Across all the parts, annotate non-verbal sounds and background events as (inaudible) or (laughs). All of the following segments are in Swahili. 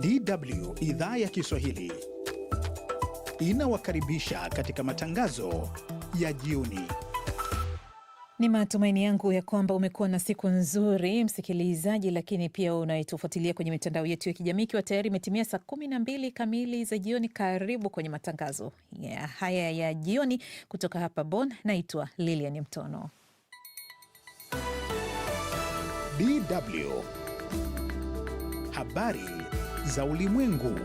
DW idhaa ya Kiswahili inawakaribisha katika matangazo ya jioni. Ni matumaini yangu ya kwamba umekuwa na siku nzuri msikilizaji, lakini pia unayetufuatilia kwenye mitandao yetu ya kijamii. Ikiwa tayari imetimia saa kumi na mbili kamili za jioni, karibu kwenye matangazo yeah, haya ya jioni kutoka hapa bon Naitwa Lilian Mtono. DW habari za ulimwengu.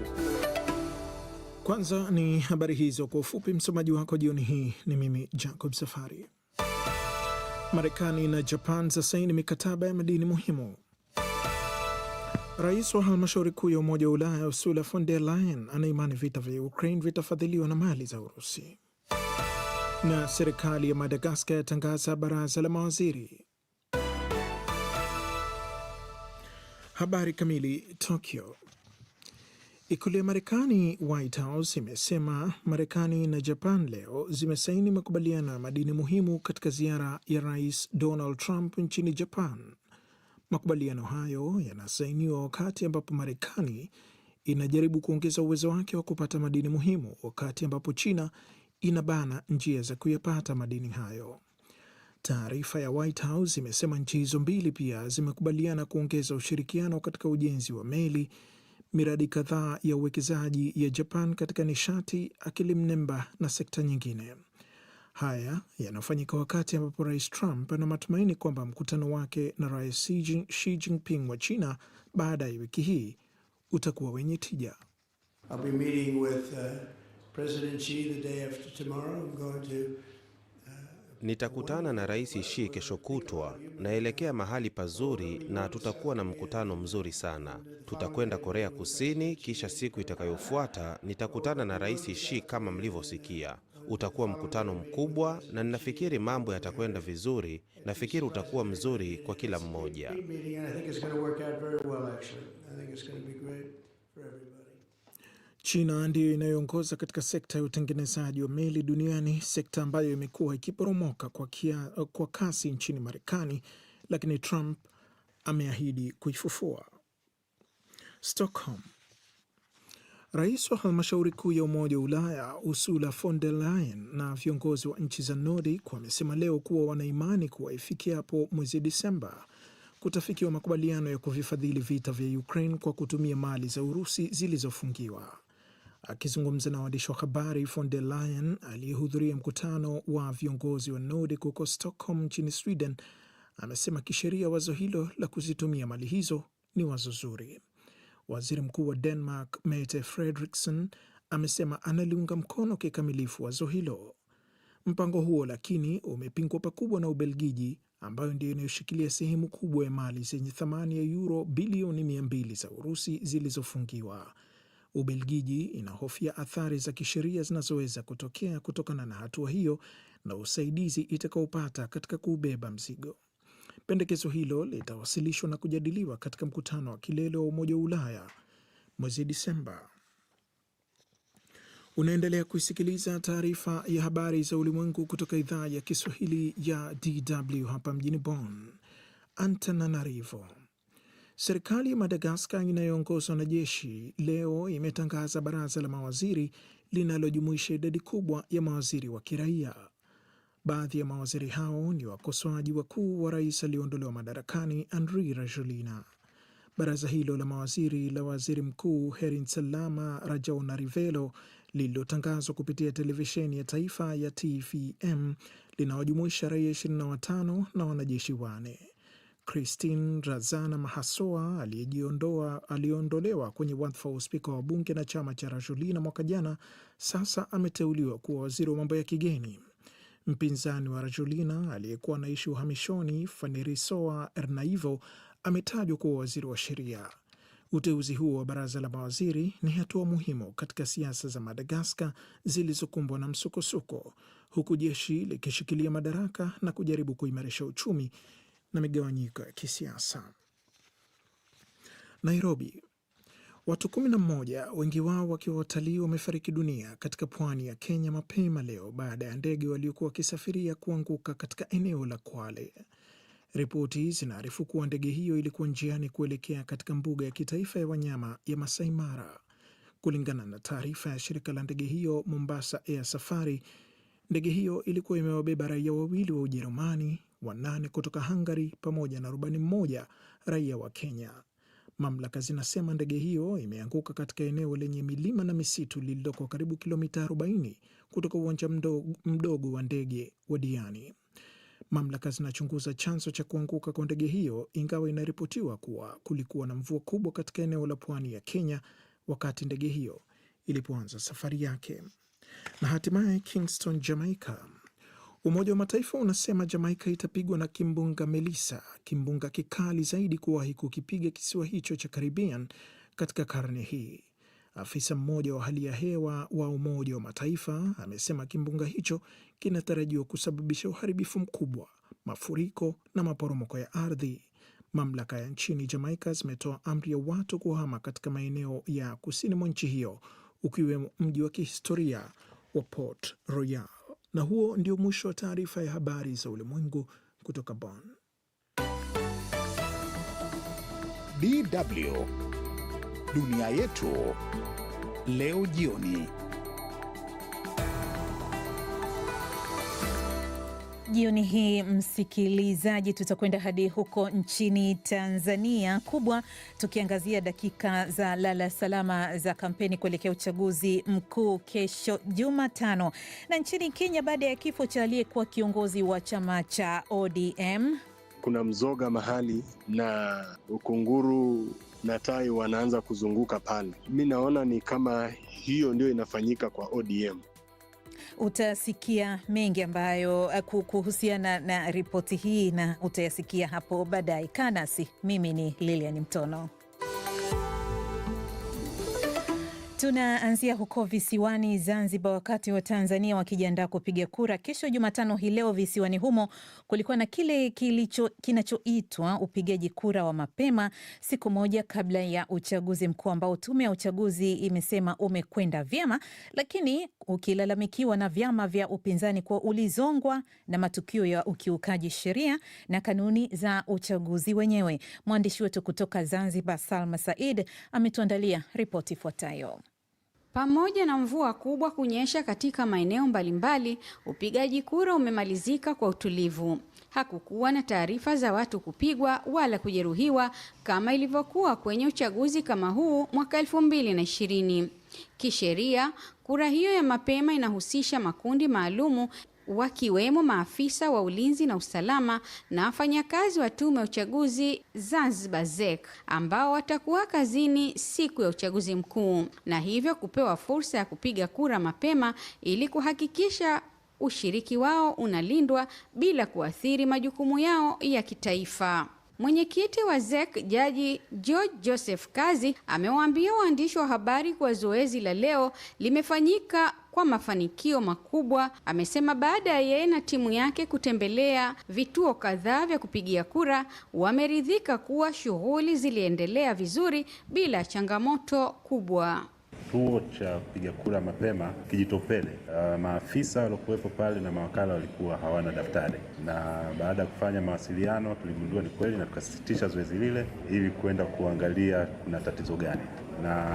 Kwanza ni habari hizo kwa ufupi. Msomaji wako jioni hii ni mimi Jacob Safari. Marekani na Japan zasaini mikataba ya madini muhimu. Rais wa halmashauri kuu ya Umoja wa Ulaya Ursula von der Leyen anaimani vita vya Ukraine vitafadhiliwa na mali za Urusi. Na serikali ya Madagaskar yatangaza baraza la mawaziri. Habari kamili. Tokyo. Ikulu ya Marekani, White House, imesema Marekani na Japan leo zimesaini makubaliano ya madini muhimu katika ziara ya Rais Donald Trump nchini Japan. Makubaliano hayo yanasainiwa wakati ambapo Marekani inajaribu kuongeza uwezo wake wa kupata madini muhimu, wakati ambapo China inabana njia za kuyapata madini hayo. Taarifa ya White House imesema nchi hizo mbili pia zimekubaliana kuongeza ushirikiano katika ujenzi wa meli miradi kadhaa ya uwekezaji ya Japan katika nishati, akili mnemba na sekta nyingine. Haya yanafanyika wakati ambapo Rais Trump ana matumaini kwamba mkutano wake na Rais Xi Jinping wa China baada ya wiki hii utakuwa wenye tija. I'll be meeting with, uh, President Xi the day after tomorrow. I'm going to Nitakutana na Rais Shi kesho kutwa, naelekea mahali pazuri na tutakuwa na mkutano mzuri sana. Tutakwenda Korea Kusini, kisha siku itakayofuata nitakutana na Rais Shi kama mlivyosikia. Utakuwa mkutano mkubwa na ninafikiri mambo yatakwenda vizuri. Nafikiri utakuwa mzuri kwa kila mmoja. China ndiyo inayoongoza katika sekta ya utengenezaji wa meli duniani, sekta ambayo imekuwa ikiporomoka kwa, kwa kasi nchini Marekani, lakini Trump ameahidi kuifufua. Stockholm. Rais wa halmashauri kuu ya Umoja wa Ulaya Ursula von der Leyen na viongozi wa nchi za Nordic wamesema leo kuwa wanaimani kuwa ifikia hapo mwezi Disemba kutafikiwa makubaliano ya kuvifadhili vita vya Ukraine kwa kutumia mali za Urusi zilizofungiwa. Akizungumza na waandishi wa habari, von der Leyen aliyehudhuria mkutano wa viongozi wa Nordic huko Stockholm nchini Sweden amesema kisheria wazo hilo la kuzitumia mali hizo ni wazo zuri. Waziri Mkuu wa Denmark Mette Frederiksen amesema analiunga mkono kikamilifu wazo hilo. Mpango huo lakini umepingwa pakubwa na Ubelgiji ambayo ndiyo inayoshikilia sehemu kubwa ya mali zenye thamani ya yuro bilioni 2 za Urusi zilizofungiwa. Ubelgiji inahofia athari za kisheria zinazoweza kutokea kutokana na hatua hiyo na usaidizi itakaopata katika kuubeba mzigo. Pendekezo hilo litawasilishwa na kujadiliwa katika mkutano wa kilele wa Umoja wa Ulaya mwezi Disemba. Unaendelea kuisikiliza taarifa ya habari za ulimwengu kutoka idhaa ya Kiswahili ya DW hapa mjini Bonn. Antananarivo Serikali ya Madagaskar inayoongozwa na jeshi leo imetangaza baraza la mawaziri linalojumuisha idadi kubwa ya mawaziri wa kiraia. Baadhi ya mawaziri hao ni wakosoaji wakuu wa rais aliyeondolewa madarakani Andry Rajoelina. Baraza hilo la mawaziri la waziri mkuu herin Herintsalama Rajaonarivelo lililotangazwa kupitia televisheni ya taifa ya TVM linawajumuisha raia 25 na wanajeshi wane. Christine Razana mahasoa aliyejiondoa aliyeondolewa kwenye wadhifa wa uspika wa bunge na chama cha Rajulina mwaka jana, sasa ameteuliwa kuwa waziri wa mambo ya kigeni. Mpinzani wa Rajulina aliyekuwa anaishi uhamishoni Fanerisoa Ernaivo ametajwa kuwa waziri wa sheria. Uteuzi huo wa baraza la mawaziri ni hatua muhimu katika siasa za Madagaskar zilizokumbwa na msukosuko, huku jeshi likishikilia madaraka na kujaribu kuimarisha uchumi na migawanyiko ya kisiasa. Nairobi, watu kumi na mmoja, wengi wao wakiwa watalii, wamefariki dunia katika pwani ya Kenya mapema leo baada ya ndege waliokuwa wakisafiria kuanguka katika eneo la Kwale. Ripoti zinaarifu kuwa ndege hiyo ilikuwa njiani kuelekea katika mbuga ya kitaifa ya wanyama ya Masai Mara. Kulingana na taarifa ya shirika la ndege hiyo Mombasa Air Safari, ndege hiyo ilikuwa imewabeba raia wawili wa Ujerumani wanane kutoka Hungary pamoja na rubani mmoja raia wa Kenya. Mamlaka zinasema ndege hiyo imeanguka katika eneo lenye milima na misitu lililoko karibu kilomita 40 kutoka uwanja mdogo, mdogo wa ndege wa Diani. Mamlaka zinachunguza chanzo cha kuanguka kwa ndege hiyo, ingawa inaripotiwa kuwa kulikuwa na mvua kubwa katika eneo la pwani ya Kenya wakati ndege hiyo ilipoanza safari yake. Na hatimaye Kingston, Jamaica Umoja wa Mataifa unasema Jamaika itapigwa na kimbunga Melissa, kimbunga kikali zaidi kuwahi kukipiga kisiwa hicho cha Caribbean katika karne hii. Afisa mmoja wa hali ya hewa wa Umoja wa Mataifa amesema kimbunga hicho kinatarajiwa kusababisha uharibifu mkubwa, mafuriko na maporomoko ya ardhi. Mamlaka ya nchini Jamaika zimetoa amri ya watu kuhama katika maeneo ya kusini mwa nchi hiyo, ukiwemo mji wa kihistoria wa Port Royal. Na huo ndio mwisho wa taarifa ya habari za ulimwengu kutoka Bonn. DW Dunia Yetu Leo Jioni. Jioni hii msikilizaji, tutakwenda hadi huko nchini Tanzania kubwa, tukiangazia dakika za lala salama za kampeni kuelekea uchaguzi mkuu kesho Jumatano, na nchini Kenya baada ya kifo cha aliyekuwa kiongozi wa chama cha ODM kuna mzoga mahali na ukunguru na tai wanaanza kuzunguka pale. Mi naona ni kama hiyo ndio inafanyika kwa ODM utasikia mengi ambayo eh, kuhusiana na, na ripoti hii na utayasikia hapo baadaye. Kaa nasi, mimi ni Lilian Mtono. Tunaanzia huko visiwani Zanzibar. Wakati wa Tanzania wakijiandaa kupiga kura kesho Jumatano hii leo, visiwani humo kulikuwa na kile kilicho kinachoitwa upigaji kura wa mapema, siku moja kabla ya uchaguzi mkuu ambao tume ya uchaguzi imesema umekwenda vyema, lakini ukilalamikiwa na vyama vya upinzani kuwa ulizongwa na matukio ya ukiukaji sheria na kanuni za uchaguzi wenyewe. Mwandishi wetu kutoka Zanzibar, Salma Said, ametuandalia ripoti ifuatayo. Pamoja na mvua kubwa kunyesha katika maeneo mbalimbali, upigaji kura umemalizika kwa utulivu. Hakukuwa na taarifa za watu kupigwa wala kujeruhiwa kama ilivyokuwa kwenye uchaguzi kama huu mwaka 2020. Kisheria, kura hiyo ya mapema inahusisha makundi maalumu wakiwemo maafisa wa ulinzi na usalama na wafanyakazi wa tume ya uchaguzi Zanzibar ZEC ambao watakuwa kazini siku ya uchaguzi mkuu na hivyo kupewa fursa ya kupiga kura mapema ili kuhakikisha ushiriki wao unalindwa bila kuathiri majukumu yao ya kitaifa. Mwenyekiti wa ZEC Jaji George Joseph Kazi amewaambia waandishi wa habari kuwa zoezi la leo limefanyika kwa mafanikio makubwa, amesema baada ya yeye na timu yake kutembelea vituo kadhaa vya kupigia kura, wameridhika kuwa shughuli ziliendelea vizuri bila changamoto kubwa kituo cha kupiga kura mapema Kijitopele, uh, maafisa waliokuwepo pale na mawakala walikuwa hawana daftari, na baada ya kufanya mawasiliano tuligundua ni kweli na tukasitisha zoezi lile ili kwenda kuangalia kuna tatizo gani, na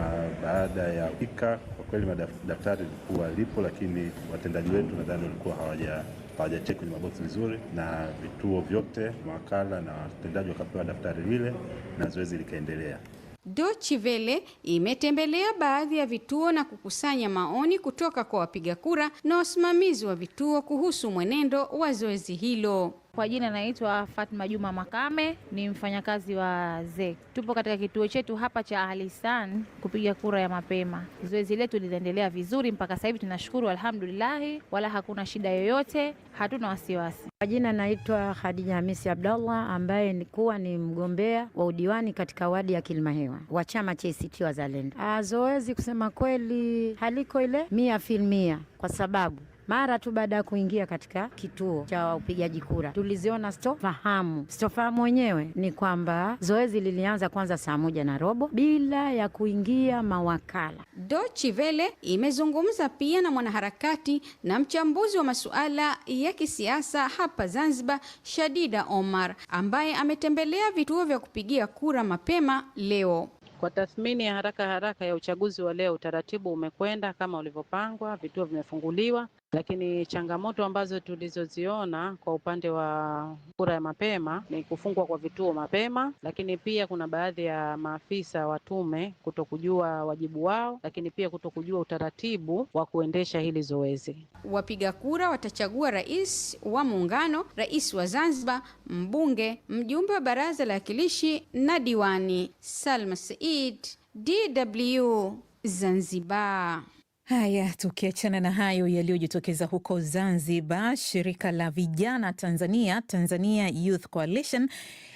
baada ya fika kwa kweli madaftari likuwa lipo, lakini watendaji wetu nadhani walikuwa hawaja hawajacheki kwenye maboksi vizuri, na vituo vyote mawakala na watendaji wakapewa daftari lile na zoezi likaendelea dochi vele imetembelea baadhi ya vituo na kukusanya maoni kutoka kwa wapiga kura na wasimamizi wa vituo kuhusu mwenendo wa zoezi hilo. Kwa jina naitwa Fatma Juma Makame, ni mfanyakazi wa ZEC. Tupo katika kituo chetu hapa cha Ahlisan kupiga kura ya mapema. Zoezi letu linaendelea vizuri mpaka sasa hivi, tunashukuru alhamdulillahi, wala hakuna shida yoyote, hatuna wasiwasi. Kwa jina naitwa Khadija Hamisi Abdallah ambaye kuwa ni mgombea wa udiwani katika wadi ya Kilimahewa wa chama cha ACT Wazalendo. Ah, zoezi kusema kweli haliko ile mia filmia kwa sababu mara tu baada ya kuingia katika kituo cha upigaji kura tuliziona sitofahamu. Sitofahamu wenyewe ni kwamba zoezi lilianza kwanza saa moja na robo bila ya kuingia mawakala. Dochi Vele imezungumza pia na mwanaharakati na mchambuzi wa masuala ya kisiasa hapa Zanzibar, Shadida Omar, ambaye ametembelea vituo vya kupigia kura mapema leo. Kwa tathmini ya haraka haraka ya uchaguzi wa leo, utaratibu umekwenda kama ulivyopangwa, vituo vimefunguliwa lakini changamoto ambazo tulizoziona kwa upande wa kura ya mapema ni kufungwa kwa vituo mapema, lakini pia kuna baadhi ya maafisa wa tume kutokujua wajibu wao, lakini pia kutokujua utaratibu wa kuendesha hili zoezi. Wapiga kura watachagua rais wa muungano, rais wa Zanzibar, mbunge, mjumbe wa baraza la wakilishi na diwani. Salma Said, DW, Zanzibar. Haya, tukiachana na hayo yaliyojitokeza huko Zanzibar, shirika la vijana Tanzania, Tanzania Youth Coalition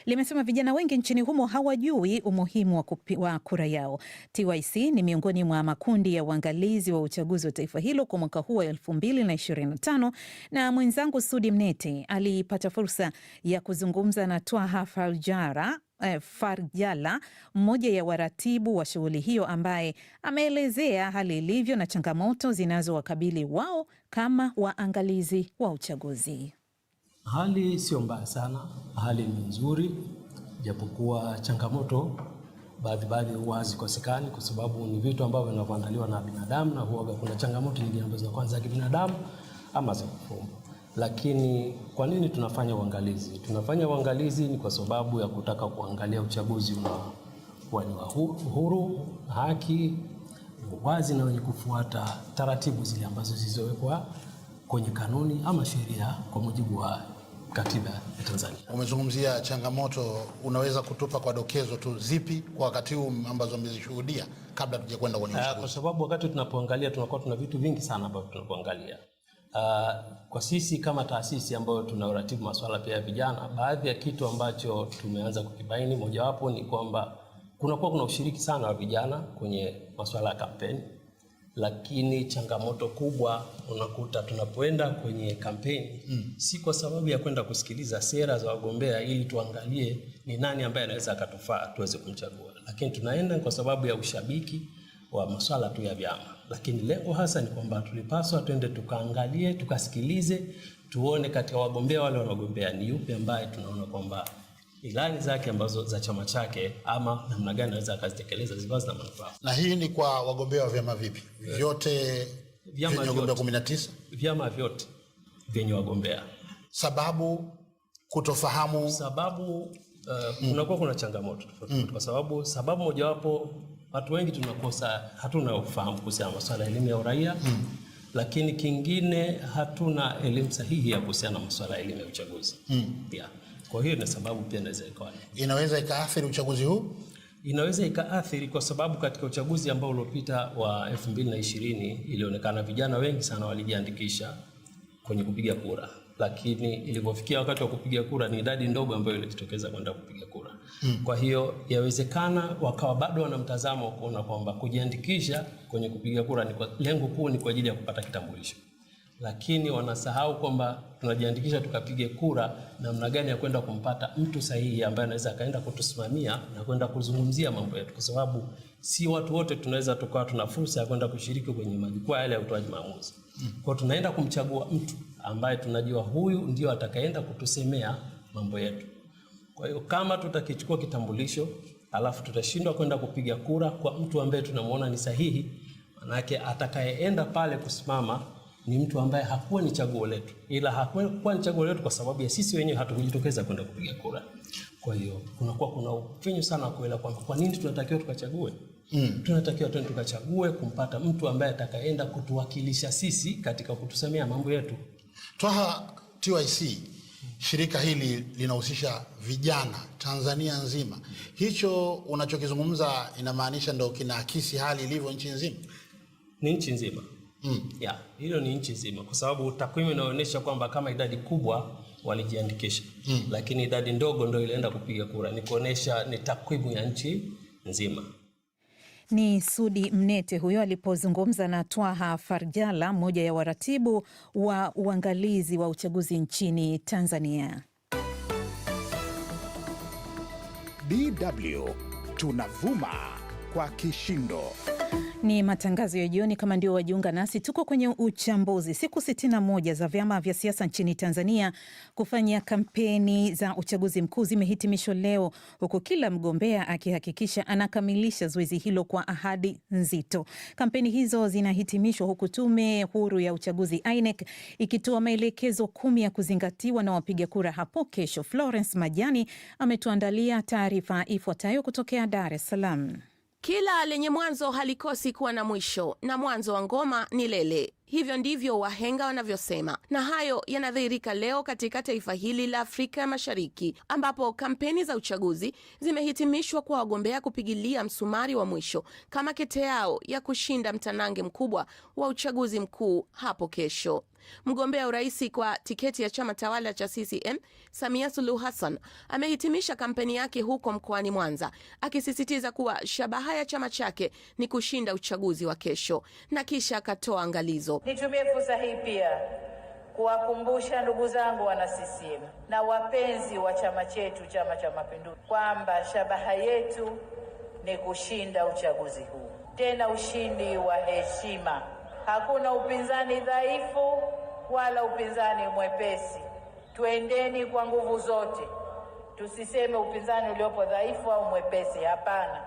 limesema vijana wengi nchini humo hawajui umuhimu wa, wa kura yao. TYC ni miongoni mwa makundi ya uangalizi wa uchaguzi wa taifa hilo kwa mwaka huu wa 2025 na mwenzangu Sudi Mnete alipata fursa ya kuzungumza na Twaha Faljara eh, Farjala, mmoja ya waratibu wa shughuli hiyo, ambaye ameelezea hali ilivyo na changamoto zinazowakabili wao kama waangalizi wa uchaguzi. Hali sio mbaya sana, hali ni nzuri, japokuwa changamoto baadhi baadhi huwa hazikosekani kwa sababu ni vitu ambavyo vinavyoandaliwa na binadamu, na huwaga kuna changamoto nyingine ambazo za kwanza za kibinadamu ama za kufumba lakini kwa nini tunafanya uangalizi? Tunafanya uangalizi ni kwa sababu ya kutaka kuangalia uchaguzi unaokuwa ni wa huru, haki, wazi na wenye kufuata taratibu zile ambazo zilizowekwa kwenye kanuni ama sheria kwa mujibu wa katiba ya Tanzania. Umezungumzia changamoto, unaweza kutupa kwa dokezo tu zipi kwa wakati huu ambazo mmezishuhudia kabla tujakwenda kwenye eh, uchaguzi? Kwa sababu wakati tunapoangalia tunakuwa tuna vitu vingi sana ambavyo tunapoangalia Uh, kwa sisi kama taasisi ambayo uratibu masuala pia ya vijana, baadhi ya kitu ambacho tumeanza kukibaini, mojawapo ni kwamba kunakuwa kuna ushiriki sana wa vijana kwenye masuala ya kampeni, lakini changamoto kubwa unakuta tunapoenda kwenye kampeni mm, si kwa sababu ya kwenda kusikiliza sera za wagombea ili tuangalie ni nani ambaye anaweza akatufaa tuweze kumchagua, lakini tunaenda kwa sababu ya ushabiki wa masuala tu ya vyama, lakini lengo hasa ni kwamba tulipaswa twende tukaangalie, tukasikilize, tuone katika wagombea wale wanaogombea ni yupi ambaye tunaona kwamba ilani zake ambazo za chama chake ama namna gani anaweza akazitekeleza zikiwa zina manufaa. Na hii ni kwa wagombea wa vyama vipi? Vyote vyama vyote kumi na tisa? Vyama vyote vyenye wagombea. Sababu kutofahamu, sababu uh, mm. kuna changamoto tofauti mm. kwa sababu sababu mojawapo watu wengi tunakosa, hatuna ufahamu kuhusiana na masuala ya elimu ya uraia hmm. Lakini kingine hatuna elimu sahihi ya kuhusiana na masuala ya elimu ya uchaguzi hmm. Pia Kwa hiyo ni sababu pia inaweza ikawa inaweza ikaathiri uchaguzi huu inaweza ikaathiri kwa sababu katika uchaguzi ambao uliopita wa 2020 ilionekana vijana wengi sana walijiandikisha kwenye kupiga kura lakini ilivyofikia wakati wa kupiga kura ni idadi ndogo ambayo ilijitokeza kwenda kupiga kura mm. Kwa hiyo yawezekana wakawa bado wana mtazamo wa kuona kwamba kujiandikisha kwenye kupiga kura ni kwa, lengo kuu ni kwa ajili ya kupata kitambulisho, lakini wanasahau kwamba tunajiandikisha tukapige kura, namna gani ya kwenda kumpata mtu sahihi ambaye anaweza akaenda kutusimamia na kwenda kuzungumzia mambo yetu, kwa sababu si watu wote tunaweza tukawa tuna fursa ya kwenda kushiriki kwenye majukwaa yale ya utoaji maamuzi. Hmm. Kwa tunaenda kumchagua mtu ambaye tunajua huyu ndio atakayeenda kutusemea mambo yetu. Kwa hiyo kama tutakichukua kitambulisho alafu tutashindwa kwenda kupiga kura kwa mtu ambaye tunamuona ni sahihi, manake atakayeenda pale kusimama ni mtu ambaye hakuwa ni chaguo letu, ila hakuwa ni chaguo letu kwa sababu ya sisi wenyewe hatukujitokeza kwenda kupiga kura. Kwa hiyo kunakuwa kuna ufinyu sana wa kuelewa kwamba kwa nini tunatakiwa tukachague Mm. Tunatakiwa tu tukachague kumpata mtu ambaye atakayeenda kutuwakilisha sisi katika kutusemea mambo yetu. Twaha TYC, shirika hili linahusisha vijana Tanzania nzima. Hicho unachokizungumza inamaanisha ndo kinaakisi hali ilivyo nchi nzima? Ni nchi nzima. Mm. Yeah, hilo ni nchi nzima kwa sababu takwimu inaonyesha kwamba kama idadi kubwa walijiandikisha mm. Lakini idadi ndogo ndo ilienda kupiga kura, ni kuonyesha ni takwimu ya nchi nzima. Ni Sudi Mnete huyo alipozungumza na Twaha Farjala, mmoja ya waratibu wa uangalizi wa uchaguzi nchini Tanzania. DW tunavuma kwa kishindo. Ni matangazo ya jioni. Kama ndio wajiunga nasi, tuko kwenye uchambuzi. Siku 61 za vyama vya siasa nchini Tanzania kufanya kampeni za uchaguzi mkuu zimehitimishwa leo, huku kila mgombea akihakikisha anakamilisha zoezi hilo kwa ahadi nzito. Kampeni hizo zinahitimishwa huku Tume Huru ya Uchaguzi INEC ikitoa maelekezo kumi ya kuzingatiwa na wapiga kura hapo kesho. Florence Majani ametuandalia taarifa ifuatayo kutokea Dar es Salaam. Kila lenye mwanzo halikosi kuwa na mwisho, na mwanzo wa ngoma ni lele. Hivyo ndivyo wahenga wanavyosema, na hayo yanadhihirika leo katika taifa hili la Afrika ya Mashariki, ambapo kampeni za uchaguzi zimehitimishwa kwa wagombea kupigilia msumari wa mwisho kama kete yao ya kushinda mtanange mkubwa wa uchaguzi mkuu hapo kesho. Mgombea urais kwa tiketi ya chama tawala cha CCM Samia Suluhu Hassan amehitimisha kampeni yake huko mkoani Mwanza, akisisitiza kuwa shabaha ya chama chake ni kushinda uchaguzi wa kesho, na kisha akatoa angalizo. Nitumie fursa hii pia kuwakumbusha ndugu zangu wana CCM na wapenzi wa chama chetu, Chama cha Mapinduzi, kwamba shabaha yetu ni kushinda uchaguzi huu, tena ushindi wa heshima. Hakuna upinzani dhaifu wala upinzani mwepesi. Tuendeni kwa nguvu zote, tusiseme upinzani uliopo dhaifu au mwepesi. Hapana,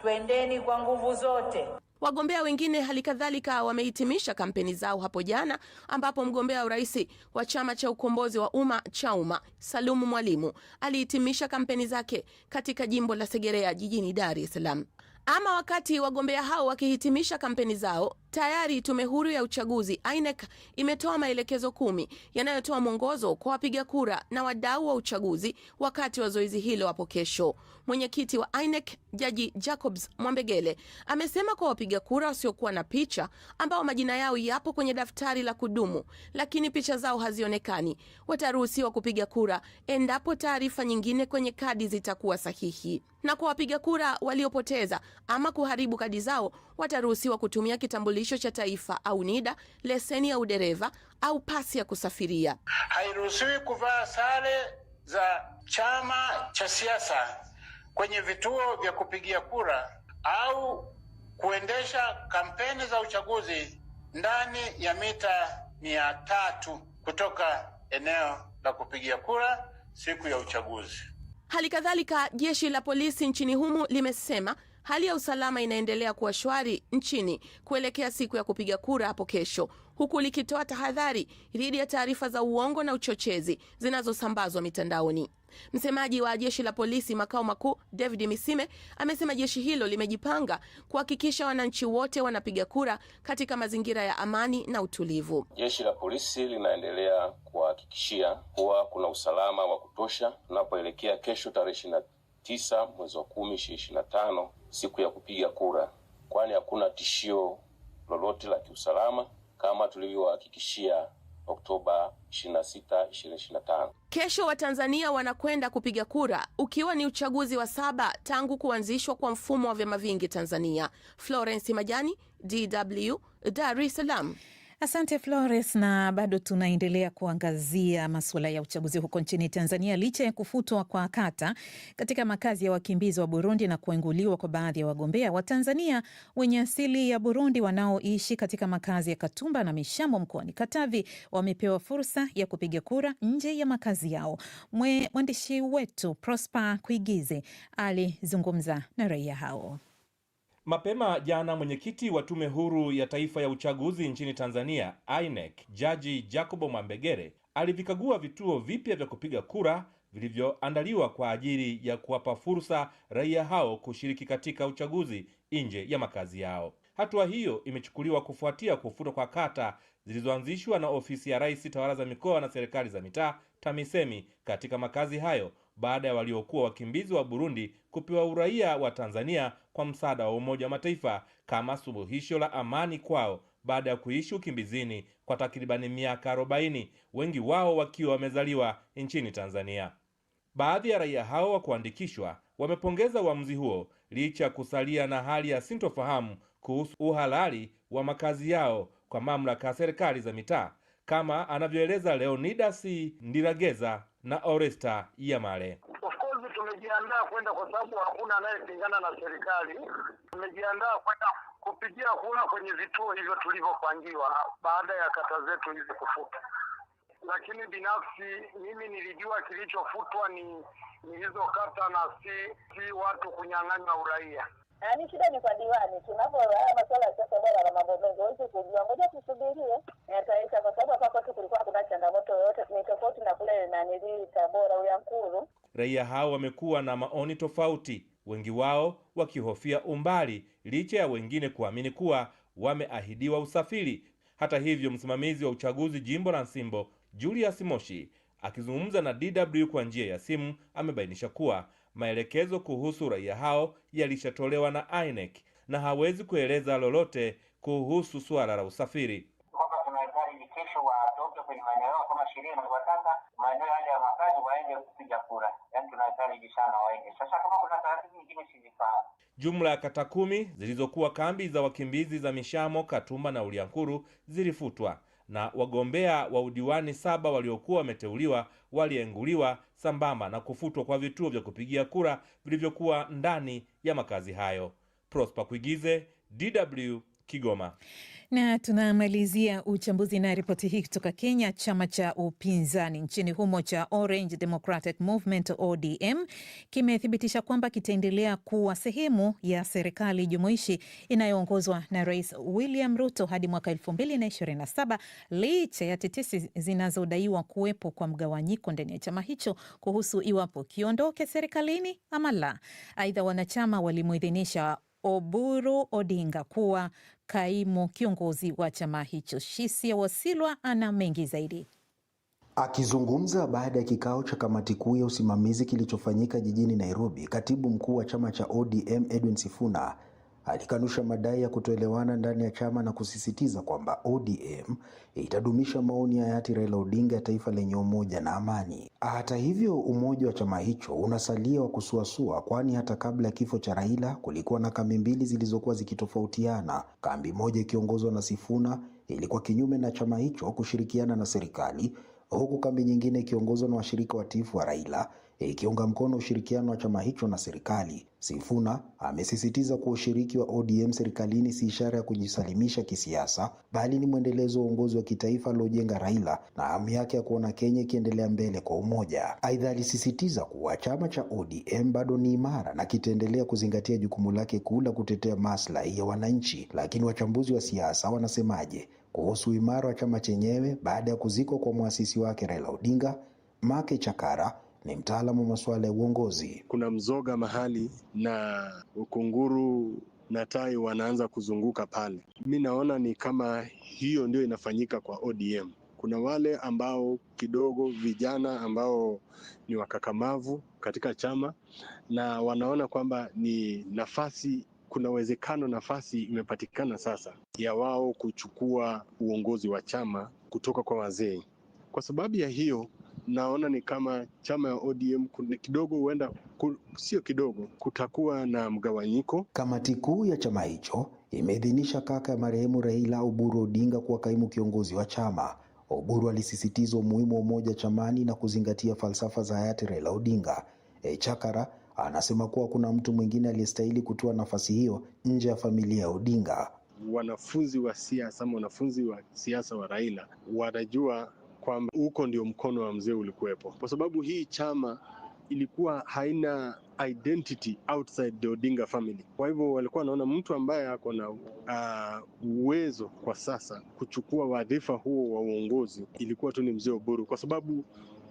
tuendeni kwa nguvu zote. Wagombea wengine hali kadhalika wamehitimisha kampeni zao hapo jana, ambapo mgombea wa urais wa chama cha ukombozi wa umma cha umma Salumu Mwalimu alihitimisha kampeni zake katika jimbo la Segerea jijini Dar es Salaam. Ama wakati wagombea hao wakihitimisha kampeni zao, Tayari Tume Huru ya Uchaguzi INEC imetoa maelekezo kumi yanayotoa mwongozo kwa wapiga kura na wadau wa uchaguzi wakati wa zoezi hilo hapo kesho. Mwenyekiti wa INEC Jaji Jacobs Mwambegele amesema kwa wapiga kura wasiokuwa na picha ambao majina yao yapo kwenye daftari la kudumu lakini picha zao hazionekani, wataruhusiwa kupiga kura endapo taarifa nyingine kwenye kadi zitakuwa sahihi. Na kwa wapiga kura waliopoteza ama kuharibu kadi zao wataruhusiwa kutumia kitambulisho kitambulisho cha taifa au NIDA, leseni ya udereva au pasi ya kusafiria. Hairuhusiwi kuvaa sare za chama cha siasa kwenye vituo vya kupigia kura au kuendesha kampeni za uchaguzi ndani ya mita mia tatu kutoka eneo la kupigia kura siku ya uchaguzi. Hali kadhalika jeshi la polisi nchini humo limesema Hali ya usalama inaendelea kuwa shwari nchini kuelekea siku ya kupiga kura hapo kesho, huku likitoa tahadhari dhidi ya taarifa za uongo na uchochezi zinazosambazwa mitandaoni. Msemaji wa jeshi la polisi makao makuu David Misime amesema jeshi hilo limejipanga kuhakikisha wananchi wote wanapiga kura katika mazingira ya amani na utulivu. Jeshi la polisi linaendelea kuwahakikishia kuwa kuna usalama wa kutosha tunapoelekea kesho tarehe ishirini na tisa mwezi wa kumi ishirini na tano siku ya kupiga kura, kwani hakuna tishio lolote la kiusalama kama tulivyowahakikishia Oktoba 26, 2025. Kesho Watanzania wanakwenda kupiga kura ukiwa ni uchaguzi wa saba tangu kuanzishwa kwa mfumo wa vyama vingi Tanzania. Florence Majani, DW, Dar es Salaam. Asante Flores, na bado tunaendelea kuangazia masuala ya uchaguzi huko nchini Tanzania. Licha ya kufutwa kwa kata katika makazi ya wakimbizi wa Burundi na kuenguliwa kwa baadhi ya wagombea, Watanzania wenye asili ya Burundi wanaoishi katika makazi ya Katumba na Mishamo mkoani Katavi wamepewa fursa ya kupiga kura nje ya makazi yao. Mwandishi wetu Prosper Kuigize alizungumza na raia hao. Mapema jana mwenyekiti wa Tume Huru ya Taifa ya Uchaguzi nchini Tanzania INEC, Jaji Jacobo mwambegere alivikagua vituo vipya vya kupiga kura vilivyoandaliwa kwa ajili ya kuwapa fursa raia hao kushiriki katika uchaguzi nje ya makazi yao. Hatua hiyo imechukuliwa kufuatia kufutwa kwa kata zilizoanzishwa na Ofisi ya Rais, Tawala za Mikoa na Serikali za Mitaa, TAMISEMI katika makazi hayo baada ya waliokuwa wakimbizi wa Burundi kupewa uraia wa Tanzania kwa msaada wa Umoja wa Mataifa kama suluhisho la amani kwao baada ya kuishi ukimbizini kwa takribani miaka 40, wengi wao wakiwa wamezaliwa nchini Tanzania. Baadhi ya raia hao wa kuandikishwa wamepongeza uamuzi huo licha kusalia na hali ya sintofahamu kuhusu uhalali wa makazi yao kwa mamlaka ya serikali za mitaa, kama anavyoeleza Leonidas Ndirageza, na Oresta Yamale. Of course tumejiandaa kwenda kwa sababu hakuna anayepingana na serikali. Tumejiandaa kwenda kupigia kura kwenye vituo hivyo tulivyopangiwa baada ya kata zetu hizi kufuta lakini binafsi mimi nilijua kilichofutwa ni hizo kata na si, si watu kunyang'anywa uraia. Ah, ni shida ni kwa diwani. Tunapo haya masuala ya siasa bora na mambo mengi huwezi kujua. Ngoja tusubirie yataisha eh, kwa sababu hapa kwetu kulikuwa kuna changamoto yoyote ni tofauti na kule na Tabora Uyankuru. Raia hao wamekuwa na maoni tofauti, wengi wao wakihofia umbali licha ya wengine kuamini kuwa wameahidiwa usafiri. Hata hivyo, msimamizi wa uchaguzi jimbo la Nsimbo Julius Moshi akizungumza na DW kwa njia ya simu amebainisha kuwa Maelekezo kuhusu raia hao yalishatolewa na INEC na hawezi kueleza lolote kuhusu suala la usafiri kwenye maeneo yao kama sheria inavyotaka maeneo yale ya makazi waende kupiga kura, yaani tunahitaji sana waende. Sasa kama kuna taratibu nyingine sizifahamu. Jumla ya kata kumi zilizokuwa kambi za wakimbizi za Mishamo, Katumba na Uliankuru zilifutwa na wagombea wa udiwani saba waliokuwa wameteuliwa walienguliwa sambamba na kufutwa kwa vituo vya kupigia kura vilivyokuwa ndani ya makazi hayo. prospa Kuigize, DW, Kigoma. Na tunamalizia uchambuzi na ripoti hii kutoka Kenya. Chama cha upinzani nchini humo cha Orange Democratic Movement ODM kimethibitisha kwamba kitaendelea kuwa sehemu ya serikali jumuishi inayoongozwa na Rais William Ruto hadi mwaka 2027 licha ya tetesi zinazodaiwa kuwepo kwa mgawanyiko ndani ya chama hicho kuhusu iwapo kiondoke serikalini ama la. Aidha, wanachama walimuidhinisha Oburu Odinga kuwa kaimu kiongozi wa chama hicho. Shisia Wasilwa ana mengi zaidi. Akizungumza baada ya kikao cha kamati kuu ya usimamizi kilichofanyika jijini Nairobi, katibu mkuu wa chama cha ODM Edwin Sifuna alikanusha madai ya kutoelewana ndani ya chama na kusisitiza kwamba ODM itadumisha maoni ya hayati Raila Odinga ya taifa lenye umoja na amani. Hata hivyo, umoja wa chama hicho unasalia wa kusuasua, kwani hata kabla ya kifo cha Raila kulikuwa na kambi mbili zilizokuwa zikitofautiana, kambi moja ikiongozwa na Sifuna ilikuwa kinyume na chama hicho kushirikiana na serikali, huku kambi nyingine ikiongozwa na washirika watiifu wa Raila E, ikiunga mkono ushirikiano wa chama hicho na serikali. Sifuna amesisitiza kuwa ushiriki wa ODM serikalini si ishara ya kujisalimisha kisiasa, bali ni mwendelezo wa uongozi wa kitaifa aliojenga Raila na hamu yake ya kuona Kenya ikiendelea mbele kwa umoja. Aidha, alisisitiza kuwa chama cha ODM bado ni imara na kitaendelea kuzingatia jukumu lake kuu la kutetea maslahi ya wananchi. Lakini wachambuzi wa siasa wanasemaje kuhusu imara wa chama chenyewe baada ya kuzikwa kwa mwasisi wake Raila Odinga? Make Chakara ni mtaalamu wa masuala ya uongozi. Kuna mzoga mahali na ukunguru na tai wanaanza kuzunguka pale. Mi naona ni kama hiyo ndio inafanyika kwa ODM. Kuna wale ambao kidogo vijana ambao ni wakakamavu katika chama na wanaona kwamba ni nafasi, kuna uwezekano nafasi imepatikana sasa ya wao kuchukua uongozi wa chama kutoka kwa wazee. Kwa sababu ya hiyo naona ni kama chama ya ODM kidogo huenda sio kidogo, kutakuwa na mgawanyiko. Kamati kuu ya chama hicho imeidhinisha kaka ya marehemu Raila Oburu Odinga kuwa kaimu kiongozi wa chama. Oburu alisisitiza umuhimu wa umoja chamani na kuzingatia falsafa za hayati Raila Odinga. E, Chakara anasema kuwa kuna mtu mwingine aliyestahili kutoa nafasi hiyo nje ya familia ya Odinga. Wanafunzi wa siasa ama wanafunzi wa siasa wa Raila wanajua kwamba huko ndio mkono wa mzee ulikuwepo, kwa sababu hii chama ilikuwa haina identity outside the Odinga family. Kwa hivyo walikuwa wanaona mtu ambaye ako na uh, uwezo kwa sasa kuchukua wadhifa huo wa uongozi ilikuwa tu ni mzee Oburu, kwa sababu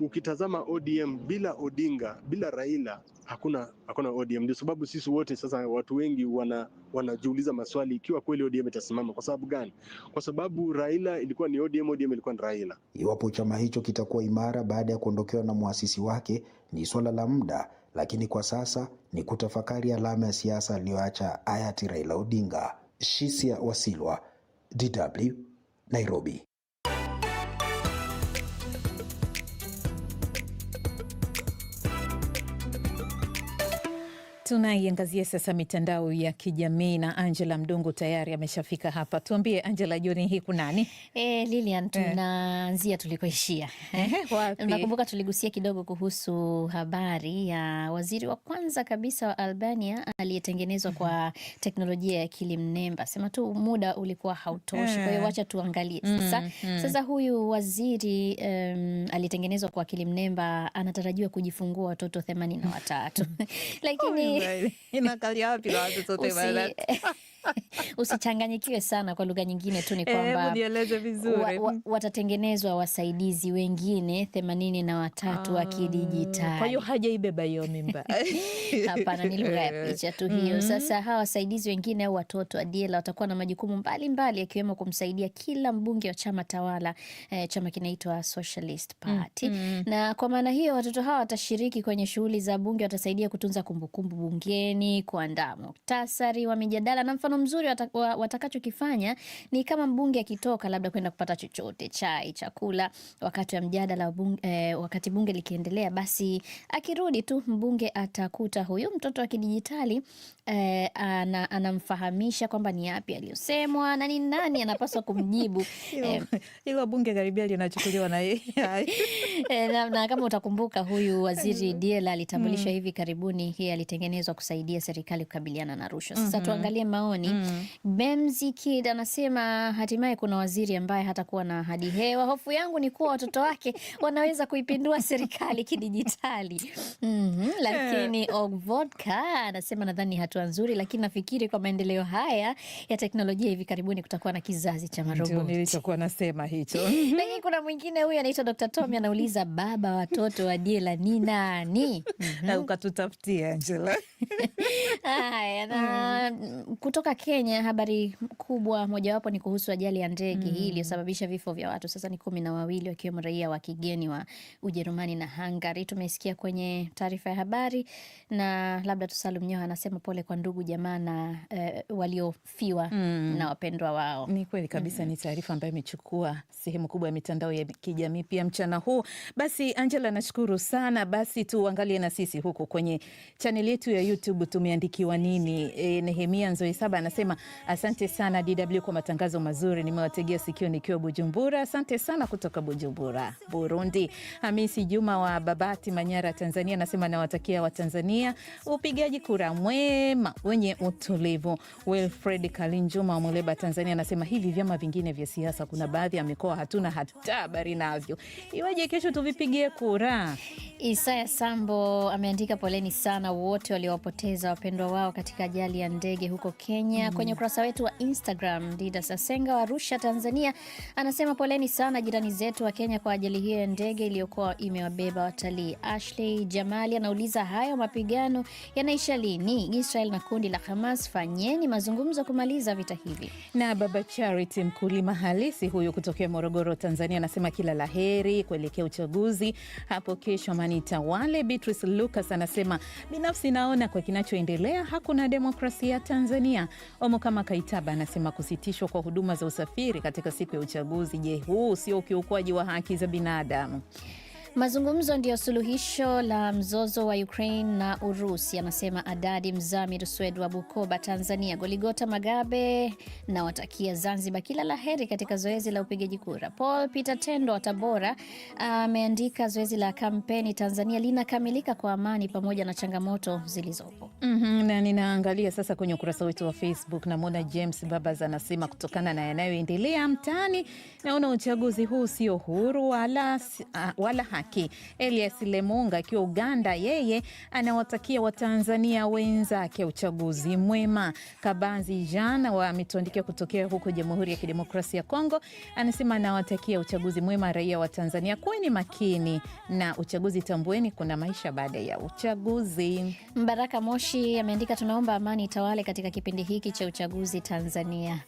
ukitazama ODM bila Odinga bila Raila hakuna hakuna ODM. Ndio sababu sisi wote sasa, watu wengi wana wanajiuliza maswali ikiwa kweli ODM itasimama. Kwa sababu gani? Kwa sababu Raila ilikuwa ni ODM, ODM ilikuwa ni Raila. Iwapo chama hicho kitakuwa imara baada ya kuondokewa na mwasisi wake ni swala la muda, lakini kwa sasa ni kutafakari alama ya siasa aliyoacha hayati Raila Odinga. Shisia Wasilwa, DW, Nairobi. Tunaiangazia sasa mitandao ya kijamii na Angela Mdungu tayari ameshafika hapa. Tuambie Angela, jioni hii kunani? E, eh, Lilian, eh. tunaanzia tulikoishia. Nakumbuka tuligusia kidogo kuhusu habari ya waziri wa kwanza kabisa wa Albania aliyetengenezwa kwa teknolojia ya akili mnemba. Sema tu muda ulikuwa hautoshi, kwa hiyo eh. wacha tuangalie mm, sasa. Mm. Sasa huyu waziri um, aliyetengenezwa kwa akili mnemba anatarajiwa kujifungua watoto themanini na watatu (laughs) lakini Vale. Natalia, piloto, tú te vas a (laughs) usichanganyikiwe sana. Kwa lugha nyingine tu ni eh, kwamba wa, wa, watatengenezwa wasaidizi wengine themanini na watatu wa ah, kidijitali. Kwa hiyo hajaibeba hiyo mimba (laughs) hapana, ni lugha ya eh, picha tu hiyo. mm -hmm. Sasa hawa wasaidizi wengine au watoto adiela watakuwa na majukumu mbalimbali yakiwemo kumsaidia kila mbunge wa chama tawala eh, chama kinaitwa Socialist Party. mm -hmm. na kwa maana hiyo watoto hawa watashiriki kwenye shughuli za bunge, watasaidia kutunza kumbukumbu bungeni, kuandaa muktasari wa mijadala na mfano mfano mzuri watakachokifanya ni kama mbunge akitoka labda kwenda kupata chochote, chai, chakula, wakati wa mjadala bunge, eh, wakati bunge likiendelea, basi akirudi tu mbunge atakuta huyu mtoto wa kidijitali eh, ana, anamfahamisha kwamba ni yapi aliyosemwa na ni nani anapaswa kumjibu (laughs) eh, hilo. bunge karibia linachukuliwa na yeye (laughs) eh, na, na kama utakumbuka huyu waziri Diela alitambulishwa mm. hivi karibuni, hii alitengenezwa kusaidia serikali kukabiliana na rushwa. Sasa mm -hmm. tuangalie maoni maoni mm. Bemzi Kid anasema hatimaye kuna waziri ambaye hatakuwa na ahadi hewa. Hofu yangu ni kuwa watoto wake (laughs) wanaweza kuipindua serikali kidijitali. mm -hmm. Lakini Ogvodka anasema nadhani hatua nzuri, lakini nafikiri kwa maendeleo haya ya teknolojia hivi karibuni kutakuwa na kizazi cha maroboti. Nilichokuwa nasema hicho. (laughs) Lakini kuna mwingine huyu anaitwa Dr. Tommy anauliza baba watoto wa Diela ni nani? mm (laughs) -hmm. Ukatutafutia Angela. Haya, na mm. kutoka kutoka Kenya, habari kubwa mojawapo ni kuhusu ajali ya ndege mm, hii iliyosababisha vifo vya watu sasa ni kumi na wawili wakiwemo raia wa kigeni wa Ujerumani na Hungary. Tumesikia kwenye taarifa ya habari, na labda Tusalum Nyoha anasema pole kwa ndugu jamaa na eh, waliofiwa mm, na wapendwa wao. Ni kweli kabisa mm, ni taarifa ambayo imechukua sehemu kubwa ya mitandao ya kijamii pia mchana huu. Basi Angela, nashukuru sana. Basi tuangalie na sisi huku kwenye chaneli yetu ya YouTube tumeandikiwa nini. E, Nehemia saba anasema asante sana DW kwa matangazo mazuri, nimewategea sikio nikiwa Bujumbura. Asante sana kutoka Bujumbura, Burundi. Hamisi Juma wa Babati, Manyara, Tanzania anasema nawatakia Watanzania upigaji kura mwema wenye utulivu. Wilfred Kalinjuma wa Muleba, Tanzania anasema hivi vyama vingine vya siasa, kuna baadhi ya mikoa hatuna hata habari navyo, iweje kesho tuvipigie kura? Isaya Sambo ameandika poleni sana wote waliowapoteza wapendwa wao katika ajali ya ndege huko Kenya. Kenya mm. kwenye ukurasa wetu wa Instagram. Dida Sasenga wa Arusha, Tanzania, anasema poleni sana jirani zetu wa Kenya kwa ajali hiyo ya ndege iliyokuwa imewabeba watalii. Ashley Jamali anauliza hayo mapigano yanaisha lini? Israel na kundi la Hamas, fanyeni mazungumzo kumaliza vita hivi. Na baba Charity, mkulima halisi huyu kutokea Morogoro, Tanzania, anasema kila la heri kuelekea uchaguzi hapo kesho, manita wale. Beatrice Lucas anasema binafsi naona kwa kinachoendelea hakuna demokrasia Tanzania, Omukama Kaitaba anasema kusitishwa kwa huduma za usafiri katika siku ya uchaguzi, je, huu sio ukiukwaji wa haki za binadamu? Mazungumzo ndiyo suluhisho la mzozo wa Ukraine na Urusi, anasema Adadi mzamir Swed wa Bukoba, Tanzania. Goligota Magabe na watakia Zanzibar kila la heri katika zoezi la upigaji kura. Paul Peter Tendo wa Tabora ameandika zoezi la kampeni Tanzania linakamilika kwa amani pamoja na changamoto zilizopo. mm -hmm, na ninaangalia sasa kwenye ukurasa wetu wa Facebook, namwona James Babas anasema kutokana na yanayoendelea mtaani, naona uchaguzi huu sio huru wala, wala haki. Elias Lemunga akiwa Uganda, yeye anawatakia Watanzania wenzake uchaguzi mwema. Kabanzi Jean wa kutokea huko Jamhuri ya Kidemokrasia ya Kongo anasema anawatakia uchaguzi mwema raia wa Tanzania. kweni makini na uchaguzi, tambueni kuna maisha baada ya uchaguzi. Mbaraka Moshi ameandika tunaomba amani itawale katika kipindi hiki cha uchaguzi Tanzania.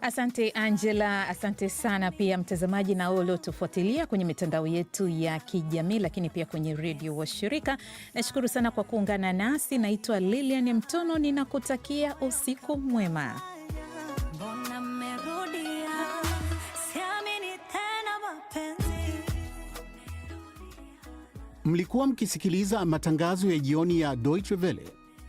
Asante Angela, asante sana pia mtazamaji na wewe uliotufuatilia kwenye mitandao yetu ya kijamii, lakini pia kwenye redio wa shirika. Nashukuru sana kwa kuungana nasi. Naitwa Lilian Mtono, ninakutakia usiku mwema. Mlikuwa mkisikiliza matangazo ya jioni ya Deutsche Welle